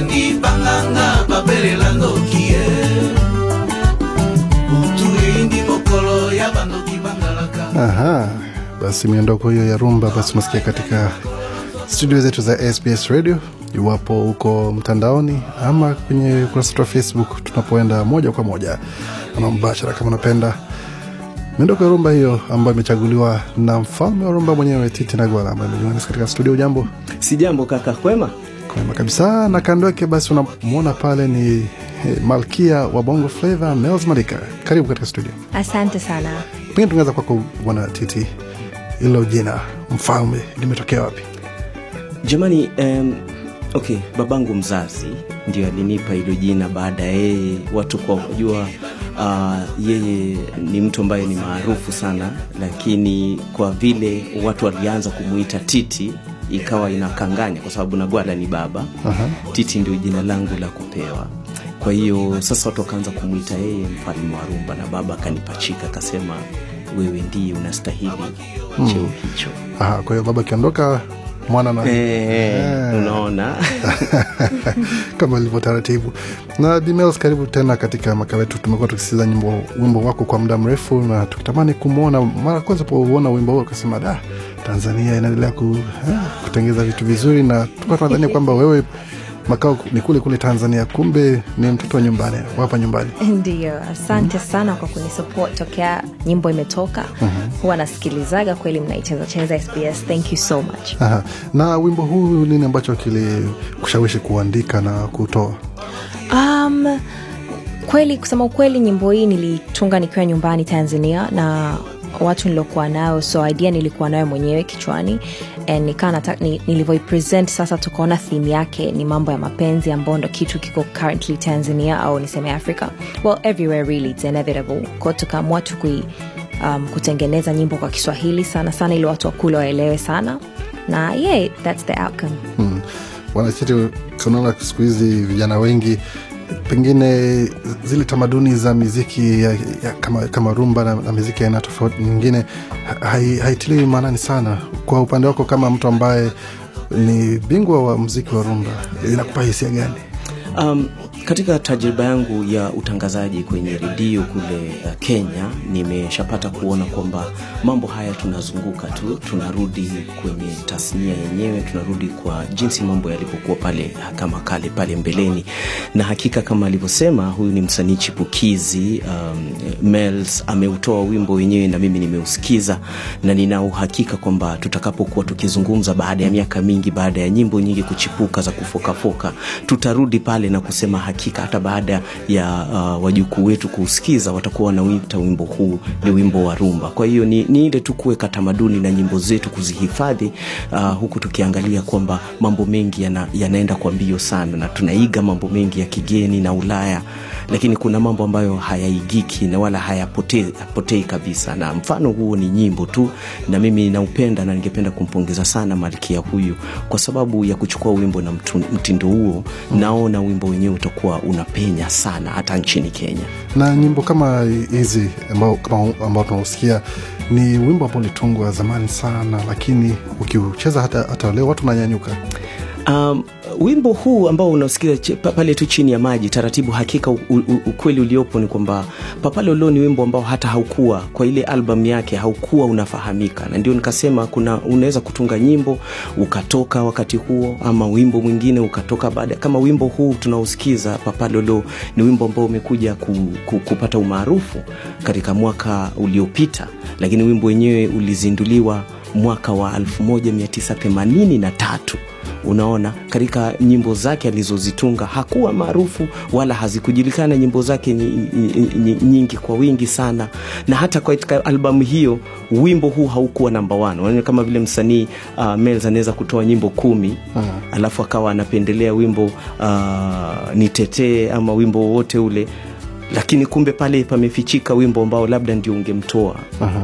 ezalaki banganga babelelanokie utu eyindi mokolo ya bandoki bangalaka aha basi miondoko hiyo ya rumba basi unasikia katika studio zetu za sbs radio iwapo huko mtandaoni ama kwenye ukurasa wetu wa facebook tunapoenda moja kwa moja ama mbashara kama unapenda miondoko ya rumba hiyo ambayo imechaguliwa na mfalme wa rumba mwenyewe titi nagwala ambaye imejiunga nasi katika studio jambo si jambo kaka kwema Kwema kabisa, na kando yake basi unamwona pale ni eh, malkia wa bongo flava Mels Malika. Karibu katika studio. Asante sana. Pengine tunaweza kwako Bwana Titi, ilo jina mfalme limetokea wapi? Jamani, um, okay, babangu mzazi ndio alinipa hilo jina baada ya yeye watu kwa kujua uh, yeye ni mtu ambaye ni maarufu sana, lakini kwa vile watu walianza kumwita Titi ikawa inakanganya kwa sababu Nagwada ni baba uh-huh. Titi ndio jina langu la kupewa kwa hiyo sasa watu wakaanza kumwita yeye mfalme wa rumba na baba akanipachika akasema wewe ndiye unastahili hmm. cheo hicho kwa hiyo baba akiondoka mwana na e, unaona kama ilivyo taratibu na Bimels, karibu tena katika makala yetu tumekuwa tukisikiza nyimbo wimbo wako kwa muda mrefu na tukitamani kumwona mara kwanza pouona wimbo huo ukasema da tanzania inaendelea ku, kutengeza vitu vizuri na tuka tunadhania kwamba wewe makao ni kule kule Tanzania, kumbe ni mtoto wa nyumbani hapa nyumbani. Ndio, asante mm -hmm. sana kwa kunisupport tokea nyimbo imetoka mm -hmm. huwa nasikilizaga kweli, mnaicheza cheza SBS. Thank you so much. Aha. Na wimbo huu nini ambacho kilikushawishi kuandika na kutoa? Um, kweli kusema ukweli, nyimbo hii nilitunga nikiwa nyumbani Tanzania na watu niliokuwa nayo, so idea nilikuwa nayo mwenyewe kichwani and nikaa nilivyoipresent sasa, tukaona theme yake ni mambo ya mapenzi ambao ndo kitu kiko currently Tanzania au niseme Africa, well everywhere really it's inevitable ko tukaamua tu kui um, kutengeneza nyimbo kwa Kiswahili sana sana ili watu wakule waelewe sana na yeah, that's the outcome hmm. Wanachiti, kunaona siku hizi vijana wengi pengine zile tamaduni za miziki ya, ya, kama, kama rumba na, na miziki aina tofauti nyingine haitiliwi hai maanani sana. Kwa upande wako kama mtu ambaye ni bingwa wa mziki wa rumba inakupa hisia gani? Um, katika tajriba yangu ya utangazaji kwenye redio kule uh, Kenya, nimeshapata kuona kwamba mambo haya tunazunguka tu, tunarudi kwenye tasnia yenyewe, tunarudi kwa jinsi mambo yalivyokuwa pale uh, kama kale pale mbeleni. Na hakika kama alivyosema huyu ni msanii chipukizi um, ameutoa wimbo wenyewe na mimi nimeusikiza, na nina uhakika kwamba tutakapokuwa tukizungumza baada ya miaka mingi, baada ya nyimbo nyingi kuchipuka za kufokafoka, tutarudi pale na kusema hakika hata baada ya uh, wajukuu wetu kuusikiza watakuwa wanauita wimbo huu ni wimbo wa rumba. Kwa hiyo ni, ni ile tu kuweka tamaduni na nyimbo zetu kuzihifadhi, uh, huku tukiangalia kwamba mambo mengi yana, yanaenda kwa mbio sana na tunaiga mambo mengi ya kigeni na Ulaya, lakini kuna mambo ambayo hayaigiki na wala hayapotei kabisa, na mfano huo ni nyimbo tu, na mimi naupenda na ningependa kumpongeza sana malkia huyu kwa sababu ya kuchukua wimbo na mtindo huo. Naona wimbo wenyewe utakuwa umekuwa unapenya sana hata nchini Kenya. Na nyimbo kama hizi ambao tunausikia ni wimbo ambao ulitungwa zamani sana, lakini ukiucheza hata, hata leo watu wananyanyuka. Um, wimbo huu ambao unasikiza pale tu chini ya maji taratibu, hakika u, u, ukweli uliopo ni kwamba papale Lolo ni wimbo ambao hata haukuwa kwa ile albamu yake haukuwa unafahamika, na ndio nikasema kuna unaweza kutunga nyimbo ukatoka wakati huo, ama wimbo mwingine ukatoka baada. Kama wimbo huu tunaosikiza Papa ni wimbo ambao umekuja ku, ku, kupata umaarufu katika mwaka uliopita, lakini wimbo wenyewe ulizinduliwa mwaka wa 1983 Unaona, katika nyimbo zake alizozitunga hakuwa maarufu wala hazikujulikana nyimbo zake nyingi kwa wingi sana, na hata katika albamu hiyo wimbo huu haukuwa namba one. Unaona, kama vile msanii uh, anaweza kutoa nyimbo kumi uh-huh. alafu akawa anapendelea wimbo uh, nitetee ama wimbo wowote ule lakini kumbe pale pamefichika wimbo ambao labda ndio ungemtoa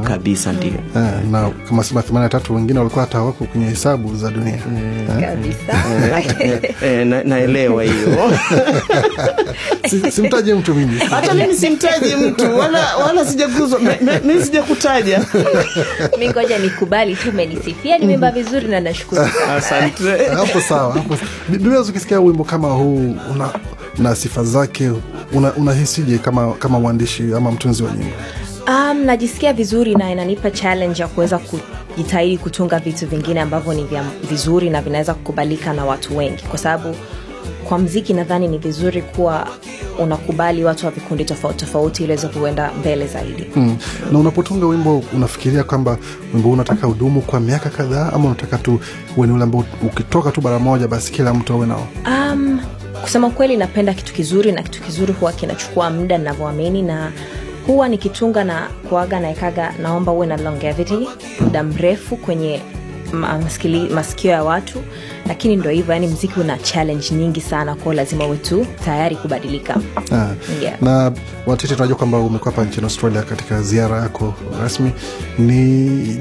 kabisa ndio eh, na kama sema themani tatu wengine walikuwa hata wako kwenye hesabu za dunia eh, eh. naelewa hiyo simtaje mtu mimi hata mimi simtaji mtu wala, wala sijaguzwa mi sijakutaja mi ngoja nikubali tu umenisifia nimemba vizuri na nashukuru asante hapo sawa hapo biblia ukisikia wimbo kama huu una na sifa zake, unahisije una kama, kama mwandishi ama mtunzi wa nyimbo? Um, najisikia vizuri na inanipa challenge ya kuweza kujitahidi kutunga vitu vingine ambavyo ni vya vizuri na vinaweza kukubalika na watu wengi, kwa sababu kwa mziki nadhani ni vizuri kuwa unakubali watu wa vikundi tofauti tofauti ili weze kuenda mbele zaidi. Mm. Na unapotunga wimbo unafikiria kwamba wimbo unataka hudumu kwa miaka kadhaa ama unataka tu uwe ni ule ambao ukitoka tu bara moja basi kila mtu awe nao? Um, Kusema kweli, napenda kitu kizuri na kitu kizuri huwa kinachukua muda ninavyoamini, na huwa nikitunga na kuaga naekaga, naomba uwe na longevity, muda mrefu kwenye masikio ya watu lakini ndo hivyo yani mziki una challenge nyingi sana kwao lazima uwe tu tayari kubadilika ah, yeah. na watete tunajua kwamba umekuwa hapa nchini australia katika ziara yako rasmi ni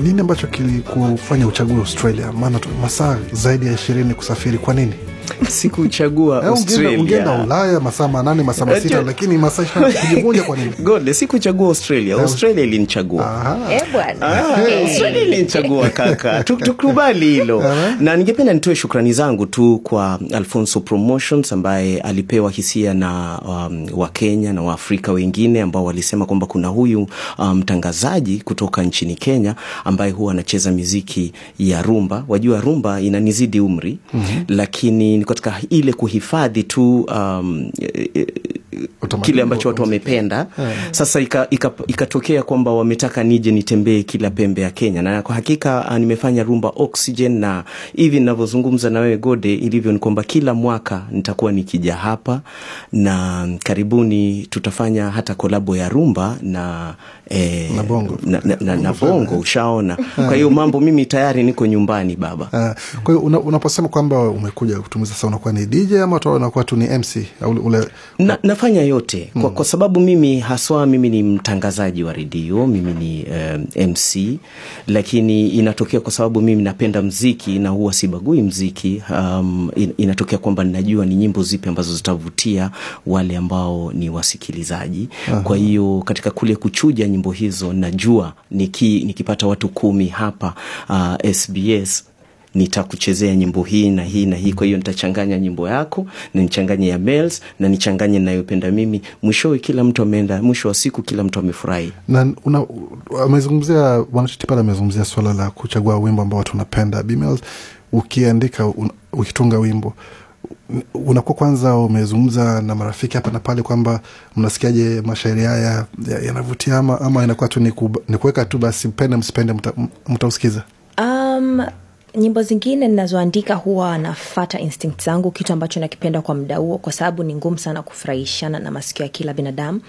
nini ambacho kilikufanya uchague australia maana masaa zaidi ya ishirini kusafiri kwa nini sikuchagua eh, ulaya masaa manane masaa masita lakini masaa kwa nini sikuchagua australia eh, australia ilinichagua eh, ah, ilinichagua kaka tukubali hilo na ningependa nitoe shukrani shukrani zangu tu kwa Alfonso Promotions ambaye alipewa hisia na um, Wakenya na Waafrika wengine ambao walisema kwamba kuna huyu um, mtangazaji um, kutoka nchini Kenya ambaye huwa anacheza miziki ya rumba. Wajua rumba inanizidi umri mm -hmm. Lakini katika ile kuhifadhi tu um, kile ambacho watu wamependa. Ah. Sasa ikatokea ika, ika kwamba wametaka nije nitembee kila pembe ya Kenya, na kwa hakika ah, nimefanya Rumba Oxygen, na hivi ninavyozungumza na wewe Gode, ilivyo ni kwamba kila mwaka nitakuwa nikija hapa, na karibuni tutafanya hata kolabo ya rumba na eh, na bongo, na, na, na, na bongo ushaona. Ah. Kwa hiyo mambo mimi tayari niko nyumbani baba. Kwa hiyo una, unaposema kwamba umekuja kutumiza sasa, unakuwa ni DJ ama unakuwa tu ni MC au ule na nafanya yote kwa, mm-hmm. kwa sababu mimi haswa mimi ni mtangazaji wa redio, mimi ni um, eh, MC, lakini inatokea kwa sababu mimi napenda mziki na huwa sibagui mziki um, inatokea kwamba ninajua ni nyimbo zipi ambazo zitavutia wale ambao ni wasikilizaji. Aha. Kwa hiyo katika kule kuchuja nyimbo hizo najua niki, nikipata watu kumi hapa uh, SBS nitakuchezea nyimbo hii na hii na hii, kwa hiyo nitachanganya nyimbo yako na nichanganye ya Males na nichanganye nayopenda mimi. Mwishowe kila mtu ameenda, mwisho wa siku kila mtu amefurahi. Na amezungumzia wanachotipa Titi amezungumzia swala la kuchagua wimbo ambao watu wanapenda. Bi ukiandika un, ukitunga wimbo unakuwa kwanza umezungumza na marafiki hapa na pale kwamba mnasikiaje mashairi haya yanavutia, ya ama, ama inakuwa tu ni kuweka tu basi, mpende msipende mtausikiza? mta um, nyimbo zingine ninazoandika huwa nafata instinct zangu, kitu ambacho nakipenda kwa mda huo, kwa sababu ni ngumu sana kufurahishana na masikio ya kila binadamu,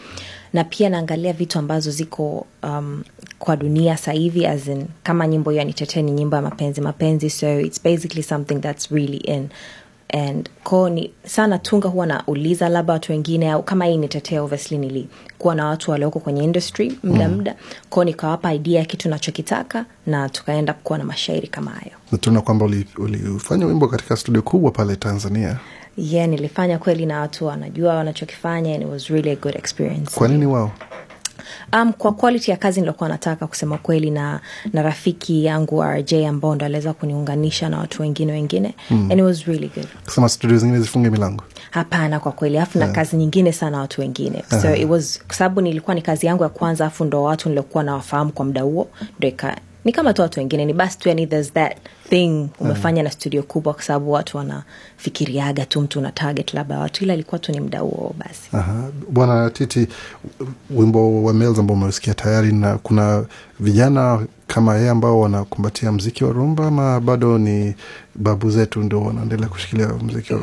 na pia naangalia vitu ambazo ziko um, kwa dunia sahivi as in kama nyimbo hiyo anitetee ni nyimbo ya mapenzi, mapenzi, so it's basically something that's really in and ko ni sana tunga huwa nauliza labda watu wengine au kama hii nitetea obviously nilikuwa na watu walioko kwenye industry muda mm. muda mm. nikawapa idea ya kitu nachokitaka na tukaenda kuwa na mashairi kama hayo na tunaona kwamba ulifanya uli wimbo katika studio kubwa pale tanzania ye yeah, nilifanya kweli na watu wanajua wanachokifanya and it was really a good experience kwa nini wao Um, kwa quality ya kazi nilokuwa nataka kusema kweli, na, na rafiki yangu RJ ambao ndo aliweza kuniunganisha na watu wengine wengine mm. and it was really good. Kusema studio zingine zifunge milango, hapana, kwa kweli afu yeah. na eh. kazi nyingine sana watu wengine eh. so uh-huh. it was kwa sababu nilikuwa ni kazi yangu ya kwanza, afu ndo watu niliokuwa nawafahamu kwa muda huo, ndo ni kama tu watu wengine ni basi tu, yani there's that thing umefanya mm. na studio kubwa kwa sababu watu wanafikiriaga tu mtu una target labda watu ila alikuwa tu ni mda huo basi bwana titi wimbo wa males ambao umeusikia tayari na kuna vijana kama yeye ambao wanakumbatia mziki wa rumba ama bado ni babu zetu ndo wanaendelea kushikilia mziki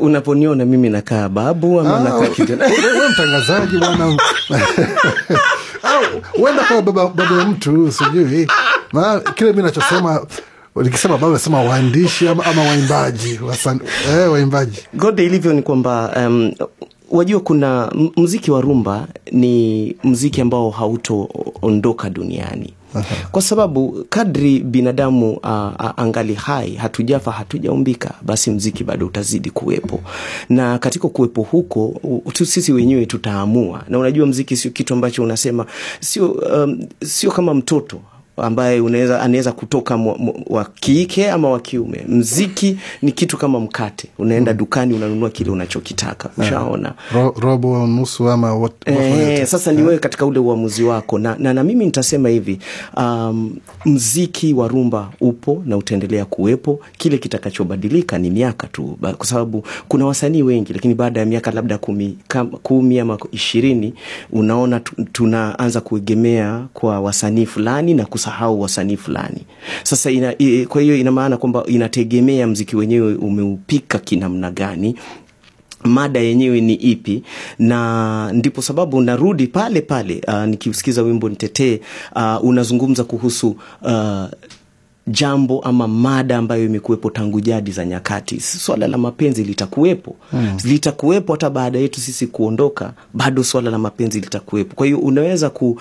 unaponiona mimi nakaa babu ah, mtangazaji bwana uenda kawa baba ya mtu sijui kile mi nachosema nikisema baba sema waandishi ama, ama waimbaji wasan, eh, waimbaji gode ilivyo ni kwamba um, wajua kuna mziki wa rumba ni mziki ambao hautoondoka duniani kwa sababu kadri binadamu uh, uh, angali hai, hatujafa, hatujaumbika, basi mziki bado utazidi kuwepo, na katika kuwepo huko tu sisi wenyewe tutaamua. Na unajua mziki sio kitu ambacho unasema sio, um, sio kama mtoto ambaye anaweza kutoka wa kike ama wa kiume. Mziki ni kitu kama mkate, unaenda mm. dukani unanunua kile unachokitaka. Ah. Ushaona ro, robo nusu ama what, e, sasa ni eh. wewe katika ule uamuzi wako na, na, na mimi nitasema hivi um, mziki wa rumba upo na utaendelea kuwepo. Kile kitakachobadilika ni miaka tu, kwa sababu kuna wasanii wengi, lakini baada ya miaka labda kumi, kam, kumi ama ishirini unaona tunaanza kuegemea kwa wasanii fulani na kus wanasahau wasanii fulani. Sasa ina, kwa hiyo ina maana kwamba inategemea mziki wenyewe umeupika kinamna gani mada yenyewe ni ipi, na ndipo sababu narudi pale pale. Uh, nikiusikiza wimbo Nitetee, uh, unazungumza kuhusu uh, jambo ama mada ambayo imekuwepo tangu jadi za nyakati. Swala la mapenzi litakuwepo, mm. litakuwepo hata baada yetu sisi kuondoka, bado swala la mapenzi litakuwepo. Kwa hiyo unaweza uh,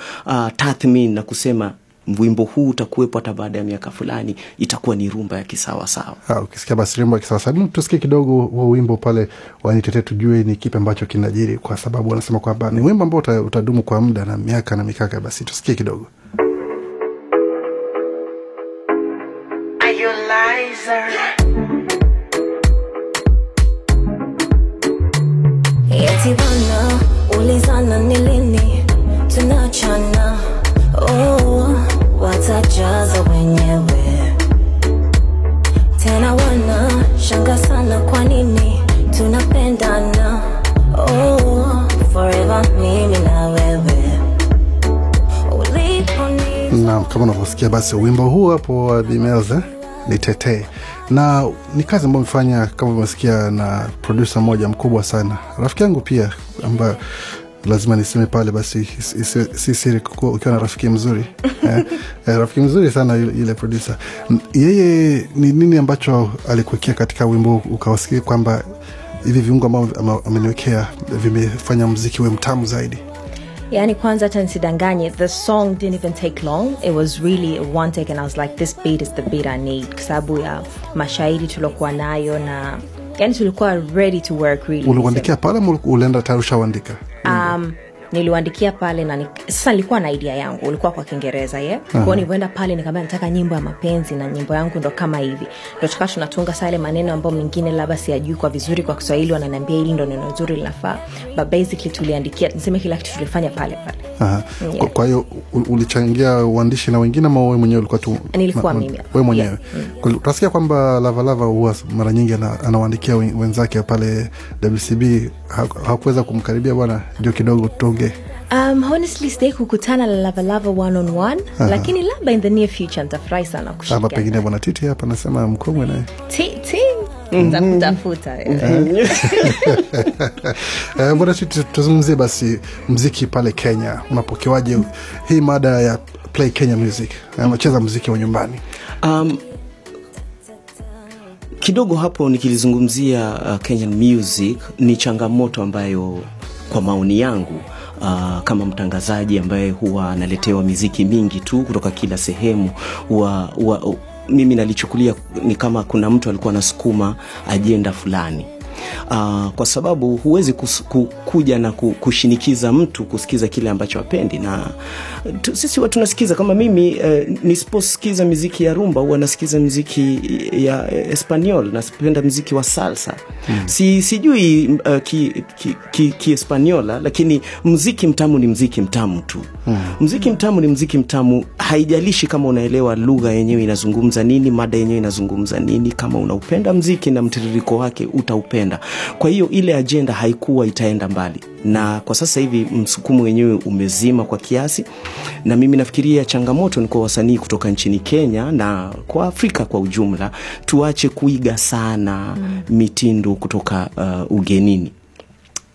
na kusema wimbo huu utakuwepo hata baada ya miaka fulani, itakuwa ni rumba ya kisawasawa. Ah, ukisikia basi rumba ya kisawasawa, tusikie kidogo huo wimbo pale wanitete, tujue ni kipi ambacho kinajiri, kwa sababu wanasema kwamba ni wimbo ambao utadumu kwa muda na miaka na mikaka. Basi tusikie kidogo. kusikia basi wimbo huu hapo wa The Males eh? Nitetee, na ni kazi ambayo amefanya kama umesikia, na produsa mmoja mkubwa sana, rafiki yangu pia, ambayo lazima niseme pale, basi si siri ukiwa na rafiki mzuri eh, eh, rafiki mzuri sana yule produsa. Yeye ni nini ambacho alikuwekea katika wimbo ukawasikia kwamba hivi viungo ambao ameniwekea vimefanya mziki we mtamu zaidi? Yani kwanza hata nisidanganye, the song didn't even take long. It was really one take and I was like this beat is the beat I need kwa sababu ya mashairi tuliokuwa nayo na yani tulikuwa ready to work really. Ulikuandikia pale ulienda tayari ushaandika? Um, niliwaandikia pale na ni, sasa nilikuwa na idea yangu ulikuwa kwa kiingereza ye yeah? kwao nilivyoenda pale nikaambia nataka nyimbo ya mapenzi na nyimbo yangu ndo kama hivi ndo tukaa tunatunga saa ile maneno ambayo mengine labda siyajui kwa vizuri kwa kiswahili wananiambia hili ndo neno nzuri linafaa but basically tuliandikia niseme kila kitu tulifanya pale pale mm, yeah. kwa hiyo ulichangia uandishi na wengine ama wewe mwenyewe ulikuwa tu nilikuwa wewe mwenyewe yeah. Mm. tunasikia kwamba lavalava huwa mara nyingi anawaandikia wenzake pale wcb hakuweza kumkaribia bwana ndio kidogo tu tuongee Um, honestly stay kukutana na Lavalava one on one, lakini labda in the near future nitafurahi sana kushika. Ama pengine bwana Titi hapa anasema mkongwe naye. Titi nitakutafuta eh? eh, bwana Titi. Tuzungumzie basi mziki pale Kenya, unapokewaje hii mada ya play Kenya music, anacheza eh, mziki wa nyumbani? Um, kidogo hapo nikilizungumzia uh, Kenyan music ni changamoto ambayo kwa maoni yangu uh, kama mtangazaji ambaye huwa analetewa miziki mingi tu kutoka kila sehemu huwa, huwa mimi nalichukulia ni kama kuna mtu alikuwa anasukuma ajenda fulani uh, kwa sababu huwezi kuja na kushinikiza mtu kusikiza kile ambacho hapendi, na tu, sisi huwa tunasikiza kama mimi uh, nisiposikiza miziki ya rumba huwa nasikiza miziki ya Espanyol, napenda mziki wa salsa hmm. si, sijui uh, eh, Kiespanyola ki, ki, ki lakini mziki mtamu ni mziki mtamu tu hmm. mziki mtamu ni mziki mtamu, haijalishi kama unaelewa lugha yenyewe inazungumza nini, mada yenyewe inazungumza nini. Kama unaupenda mziki na mtiririko wake utaupenda kupenda Kwa hiyo ile ajenda haikuwa itaenda mbali, na kwa sasa hivi msukumu wenyewe umezima kwa kiasi, na mimi nafikiria changamoto ni kwa wasanii kutoka nchini Kenya na kwa Afrika kwa ujumla, tuache kuiga sana mm. mitindo kutoka uh, ugenini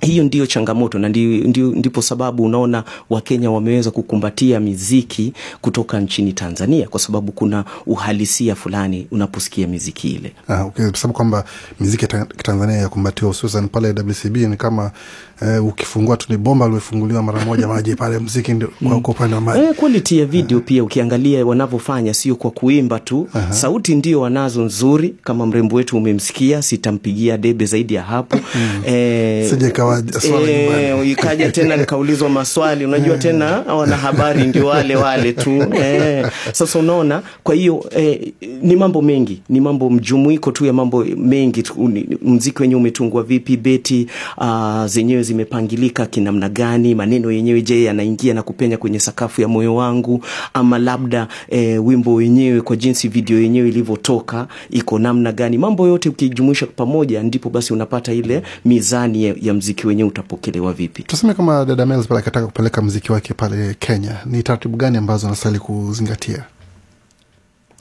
hiyo ndiyo changamoto na ndi, ndi, ndipo sababu unaona Wakenya wameweza kukumbatia miziki kutoka nchini Tanzania kwa sababu kuna uhalisia fulani unaposikia miziki ile. Ah, okay, sababu kwamba miziki ya Tanzania yakumbatiwa hususan pale WCB ni kama eh, ukifungua tu ni bomba limefunguliwa mara moja maji pale mziki ndio upande wa maji. Eh, quality ya video uh eh. -huh. Pia ukiangalia wanavyofanya sio kwa kuimba tu uh -huh. Sauti ndio wanazo nzuri kama mrembo wetu umemsikia, sitampigia debe zaidi ya hapo mm. eh, e, tena nikaulizwa maswali unajua eh. tena wanahabari ndio wale wale tu e, sasa unaona kwa hiyo e, ni mambo mengi ni mambo mjumuiko tu ya mambo mengi mziki wenyewe umetungwa vipi beti uh, zenyewe zimepangilika kinamna gani maneno yenyewe je yanaingia na kupenya kwenye sakafu ya moyo wangu ama labda e, wimbo wenyewe kwa jinsi video yenyewe ilivyotoka iko namna gani mambo yote ukijumuisha pamoja ndipo basi unapata ile mizani ya, ya mziki mziki wenyewe utapokelewa vipi? Tuseme kama dada Mels pale akataka kupeleka mziki wake pale Kenya, ni taratibu gani ambazo anastahili kuzingatia?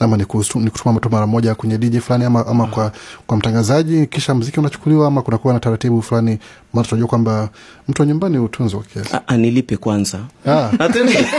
ama ni kutuma mtu mara moja kwenye DJ fulani ama, ama kwa, kwa mtangazaji kisha mziki unachukuliwa ama kunakuwa na taratibu fulani maana tunajua kwamba mtu wa nyumbani wa kiasi. anilipe kwanza ah.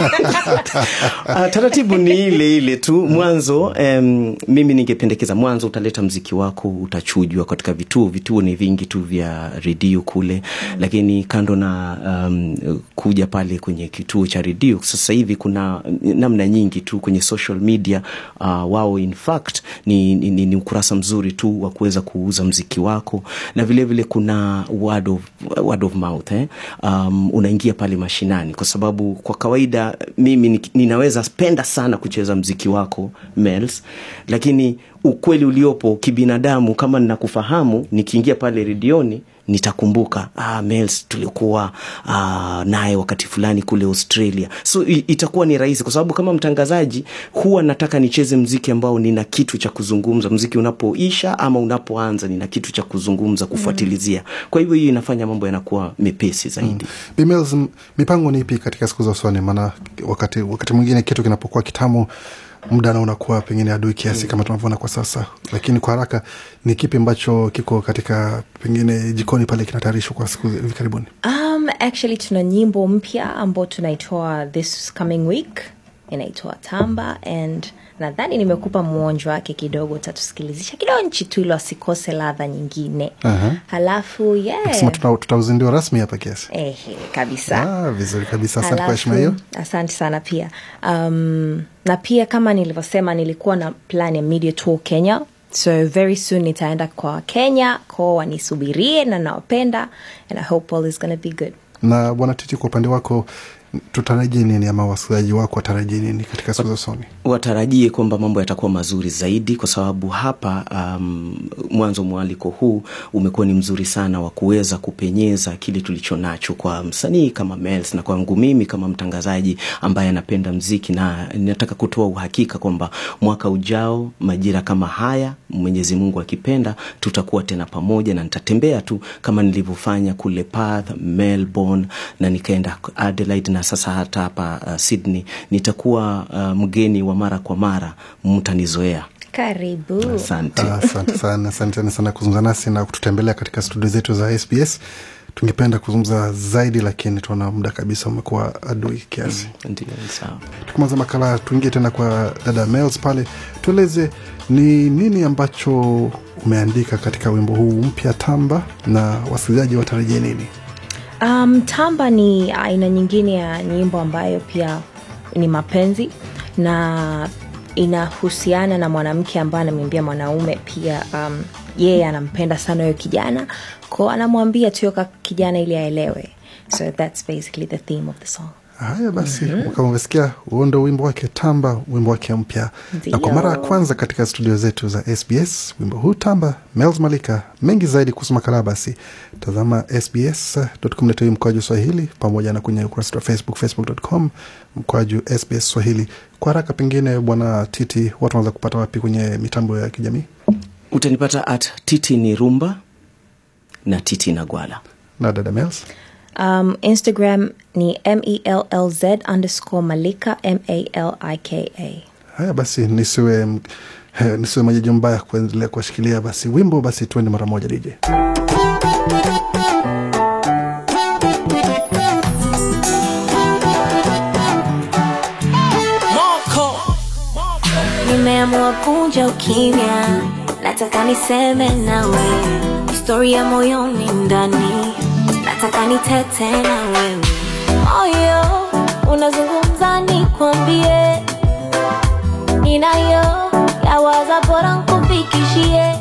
taratibu ni ile ile tu mwanzo. um, mimi ningependekeza mwanzo utaleta mziki wako, utachujwa katika vituo. Vituo ni vingi tu vya redio kule, lakini kando na um, kuja pale kwenye kituo cha redio, sasa hivi kuna namna nyingi tu kwenye social media uh, wao in fact ni, ni, ni ukurasa mzuri tu wa kuweza kuuza mziki wako na vilevile vile kuna word of of, word of mouth eh? Um, unaingia pale mashinani, kwa sababu kwa kawaida mimi ninaweza penda sana kucheza mziki wako mels lakini ukweli uliopo kibinadamu. Kama ninakufahamu nikiingia pale redioni nitakumbuka ah, Mels tulikuwa ah, naye wakati fulani kule Australia. So itakuwa ni rahisi, kwa sababu kama mtangazaji huwa nataka nicheze mziki ambao nina kitu cha kuzungumza. Mziki unapoisha ama unapoanza, nina kitu cha kuzungumza, kufuatilizia. Kwa hivyo hiyo inafanya mambo yanakuwa mepesi zaidi. Mm. mipango ni ipi katika siku za usoni? Maana wakati, wakati mwingine kitu kinapokuwa kitamu muda na unakuwa pengine adui kiasi kama tunavyoona kwa sasa. Lakini kwa haraka, ni kipi ambacho kiko katika pengine jikoni pale kinatayarishwa kwa siku hivi karibuni? Um, actually tuna nyimbo mpya ambao tunaitoa this coming week inaitwa Tamba and nadhani nimekupa mwonjo wake kidogo, utatusikilizisha kidonchi tu ili wasikose ladha nyingine. uh-huh. Halafu yeah. tutauzindiwa rasmi hapa kiasi kabisa. Ah, vizuri kabisa, asante kwa heshima hiyo, asante sana pia. Um, na pia kama nilivyosema, nilikuwa na plan ya media tour Kenya so very soon nitaenda kwa Kenya ko wanisubirie, na nawapenda and I hope all is gonna be good. Na bwana Titi, kwa upande wako tutarajie nini ama wasikilizaji wako watarajie nini katika siku za usoni? Watarajie kwamba mambo yatakuwa mazuri zaidi, kwa sababu hapa um, mwanzo mwaliko huu umekuwa ni mzuri sana wa kuweza kupenyeza kile tulicho nacho kwa msanii kama Mels na kwangu mimi kama mtangazaji ambaye anapenda mziki, na ninataka kutoa uhakika kwamba mwaka ujao majira kama haya, Mwenyezi Mungu akipenda, tutakuwa tena pamoja na nitatembea tu kama nilivyofanya kule Perth, Melbourne na nikaenda Adelaide na na sasa hata hapa uh, Sydney nitakuwa uh, mgeni wa mara kwa mara, mtanizoea. Karibu. Asante ah, asante sana, sana kuzungumza nasi na kututembelea katika studio zetu za SBS. Tungependa kuzungumza zaidi, lakini tuona muda kabisa umekuwa adui kiasi. Mm, Tukumaliza makala, tuingie tena kwa dada Mels pale, tueleze ni nini ambacho umeandika katika wimbo huu mpya Tamba, na wasikilizaji watarajie nini? Um, tamba ni aina nyingine ya nyimbo ambayo pia ni mapenzi na inahusiana na mwanamke ambaye anamwambia mwanaume pia um, yeye anampenda sana huyo kijana ko anamwambia tuyoka kijana ili aelewe so that's basically the theme of the song Haya basi, mm -hmm. Kama umesikia huo ndo wimbo wake Tamba, wimbo wake mpya, na kwa mara ya kwanza katika studio zetu za SBS wimbo huu Tamba, Mels Malika. Mengi zaidi kuhusu makala basi tazama sbs.com.au mkoaju Swahili, pamoja na kwenye ukurasa wa Facebook, facebook.com mkoaju SBS Swahili. Kwa haraka, pengine Bwana Titi, watu wanaweza kupata wapi kwenye mitambo ya kijamii? Utanipata at Titi ni Rumba na Titi na Gwala na dada Mels Um, Instagram ni mellz underscore malika malika. Haya basi, nisiwe eh, nisiwe majaji mbaya kuendelea kuwashikilia basi wimbo basi, tuende mara moja DJ Nimeamua kunja ukimya, nataka niseme nawe story ya moyoni ndani nataka nitete na wewe moyo unazungumza, nikwambie ninayo yawaza, bora nkufikishie